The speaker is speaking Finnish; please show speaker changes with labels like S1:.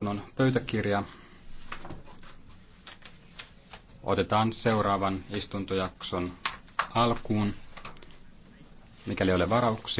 S1: istunnon pöytäkirja. Otetaan seuraavan istuntojakson alkuun. Mikäli ei ole varauksia,